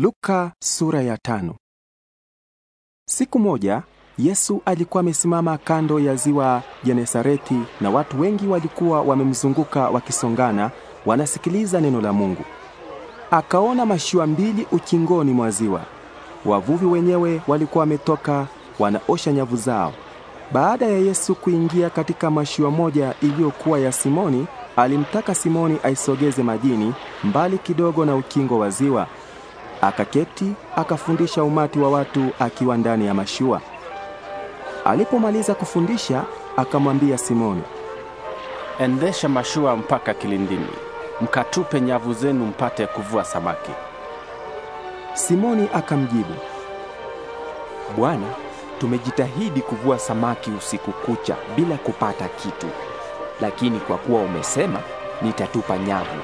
Luka sura ya tano. Siku moja Yesu alikuwa amesimama kando ya ziwa Genesareti na watu wengi walikuwa wamemzunguka wakisongana wanasikiliza neno la Mungu. Akaona mashua mbili ukingoni mwa ziwa. Wavuvi wenyewe walikuwa wametoka wanaosha nyavu zao. Baada ya Yesu kuingia katika mashua moja iliyokuwa ya Simoni, alimtaka Simoni aisogeze majini mbali kidogo na ukingo wa ziwa Akaketi akafundisha umati wa watu akiwa ndani ya mashua. Alipomaliza kufundisha, akamwambia Simoni, endesha mashua mpaka kilindini, mkatupe nyavu zenu mpate kuvua samaki. Simoni akamjibu, Bwana, tumejitahidi kuvua samaki usiku kucha bila kupata kitu, lakini kwa kuwa umesema, nitatupa nyavu.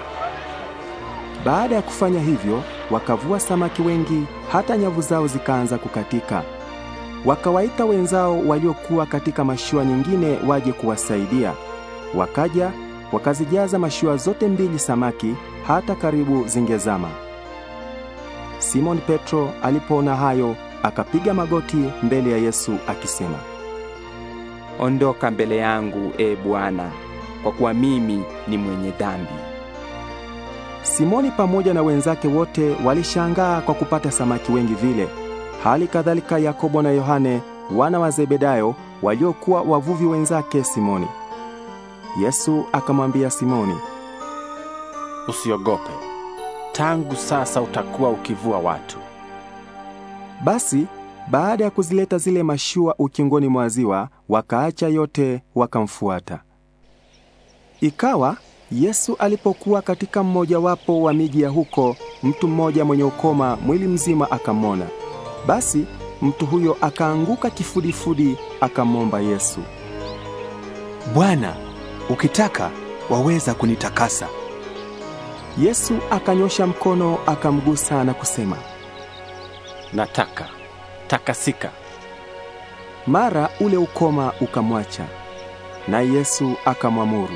Baada ya kufanya hivyo, wakavua samaki wengi hata nyavu zao zikaanza kukatika. Wakawaita wenzao waliokuwa katika mashua nyingine waje kuwasaidia. Wakaja wakazijaza mashua zote mbili samaki hata karibu zingezama. Simon Petro alipoona hayo, akapiga magoti mbele ya Yesu akisema, Ondoka mbele yangu, e Bwana, kwa kuwa mimi ni mwenye dhambi. Simoni pamoja na wenzake wote walishangaa kwa kupata samaki wengi vile. Hali kadhalika Yakobo na Yohane wana wa Zebedayo waliokuwa wavuvi wenzake Simoni. Yesu akamwambia Simoni, usiogope, tangu sasa utakuwa ukivua watu. Basi baada ya kuzileta zile mashua ukingoni mwa ziwa, wakaacha yote wakamfuata. Ikawa Yesu alipokuwa katika mmojawapo wa miji ya huko, mtu mmoja mwenye ukoma mwili mzima akamwona. Basi mtu huyo akaanguka kifudifudi, akamwomba Yesu, Bwana, ukitaka waweza kunitakasa. Yesu akanyosha mkono akamgusa na kusema, nataka, takasika. Mara ule ukoma ukamwacha, na Yesu akamwamuru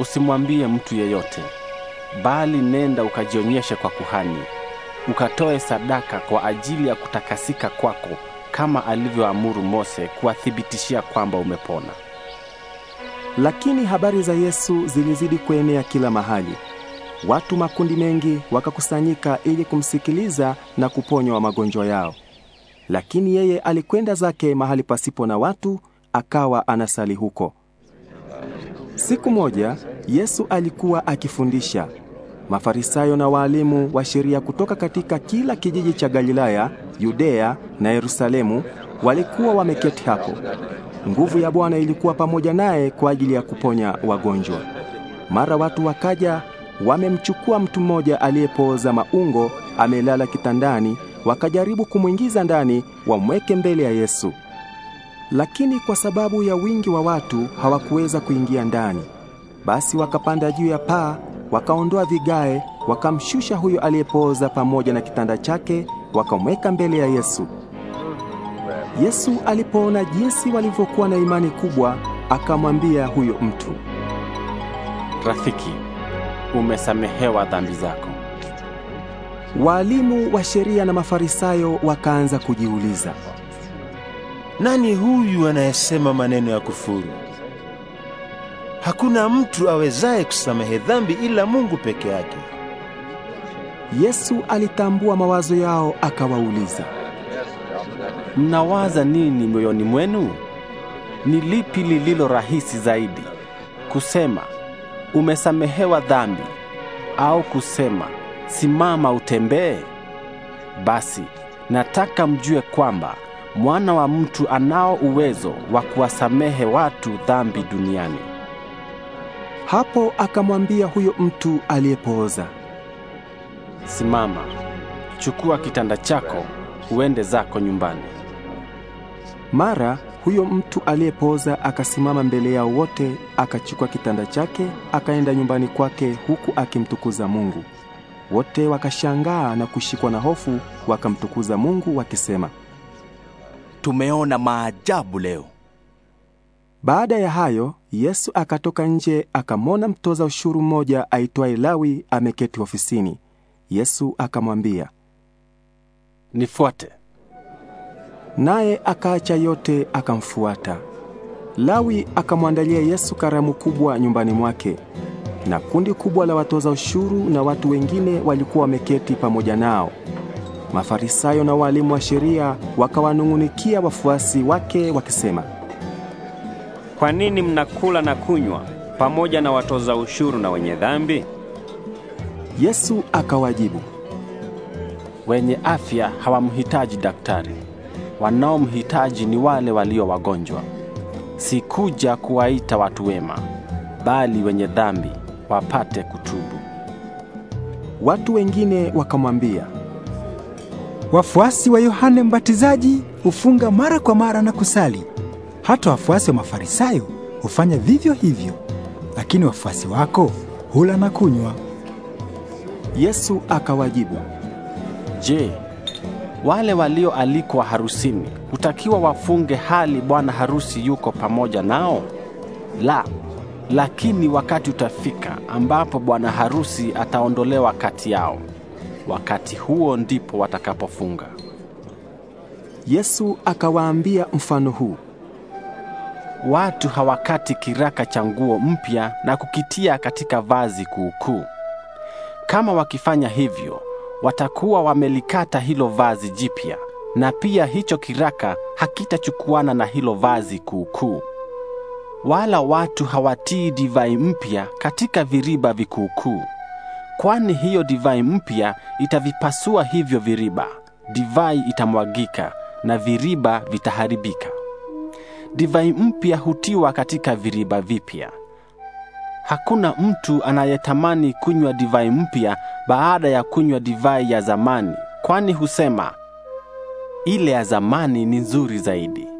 Usimwambie mtu yeyote, bali nenda ukajionyeshe kwa kuhani, ukatoe sadaka kwa ajili ya kutakasika kwako kama alivyoamuru Mose, kuwathibitishia kwamba umepona. Lakini habari za Yesu zilizidi kuenea kila mahali. Watu makundi mengi wakakusanyika ili kumsikiliza na kuponywa magonjwa yao. Lakini yeye alikwenda zake mahali pasipo na watu, akawa anasali huko. Siku moja Yesu alikuwa akifundisha. Mafarisayo na waalimu wa sheria kutoka katika kila kijiji cha Galilaya, Yudea na Yerusalemu walikuwa wameketi hapo. Nguvu ya Bwana ilikuwa pamoja naye kwa ajili ya kuponya wagonjwa. Mara watu wakaja wamemchukua mtu mmoja aliyepooza maungo amelala kitandani, wakajaribu kumwingiza ndani wamweke mbele ya Yesu lakini kwa sababu ya wingi wa watu hawakuweza kuingia ndani. Basi wakapanda juu ya paa, wakaondoa vigae, wakamshusha huyo aliyepooza pamoja na kitanda chake, wakamweka mbele ya Yesu. Yesu alipoona jinsi walivyokuwa na imani kubwa, akamwambia huyo mtu, Rafiki, umesamehewa dhambi zako. Waalimu wa sheria na Mafarisayo wakaanza kujiuliza nani huyu anayesema maneno ya kufuru? Hakuna mtu awezaye kusamehe dhambi ila Mungu peke yake. Yesu alitambua mawazo yao akawauliza, Mnawaza nini moyoni mwenu? Ni lipi lililo rahisi zaidi? Kusema, umesamehewa dhambi au kusema, simama utembee? Basi, nataka mjue kwamba mwana wa mtu anao uwezo wa kuwasamehe watu dhambi duniani. Hapo akamwambia huyo mtu aliyepooza, simama, chukua kitanda chako uende zako nyumbani. Mara huyo mtu aliyepooza akasimama mbele yao wote, akachukua kitanda chake, akaenda nyumbani kwake, huku akimtukuza Mungu. Wote wakashangaa na kushikwa na hofu, wakamtukuza Mungu wakisema tumeona maajabu leo. Baada ya hayo, Yesu akatoka nje akamwona mtoza ushuru mmoja aitwaye Lawi ameketi ofisini. Yesu akamwambia, nifuate. Naye akaacha yote akamfuata. Lawi akamwandalia Yesu karamu kubwa nyumbani mwake, na kundi kubwa la watoza ushuru na watu wengine walikuwa wameketi pamoja nao. Mafarisayo na walimu wa sheria wakawanung'unikia wafuasi wake wakisema, kwa nini mnakula na kunywa pamoja na watoza ushuru na wenye dhambi? Yesu akawajibu, wenye afya hawamhitaji daktari, wanaomhitaji ni wale walio wagonjwa. Sikuja kuwaita watu wema, bali wenye dhambi wapate kutubu. Watu wengine wakamwambia Wafuasi wa Yohane Mbatizaji hufunga mara kwa mara na kusali. Hata wafuasi wa Mafarisayo hufanya vivyo hivyo. Lakini wafuasi wako hula na kunywa. Yesu akawajibu, "Je, wale walioalikwa harusini hutakiwa wafunge hali bwana harusi yuko pamoja nao? La, lakini wakati utafika ambapo bwana harusi ataondolewa kati yao wakati huo ndipo watakapofunga. Yesu akawaambia mfano huu: watu hawakati kiraka cha nguo mpya na kukitia katika vazi kuukuu. Kama wakifanya hivyo, watakuwa wamelikata hilo vazi jipya, na pia hicho kiraka hakitachukuana na hilo vazi kuukuu. Wala watu hawatii divai mpya katika viriba vikuukuu kwani hiyo divai mpya itavipasua hivyo viriba, divai itamwagika na viriba vitaharibika. Divai mpya hutiwa katika viriba vipya. Hakuna mtu anayetamani kunywa divai mpya baada ya kunywa divai ya zamani, kwani husema ile ya zamani ni nzuri zaidi.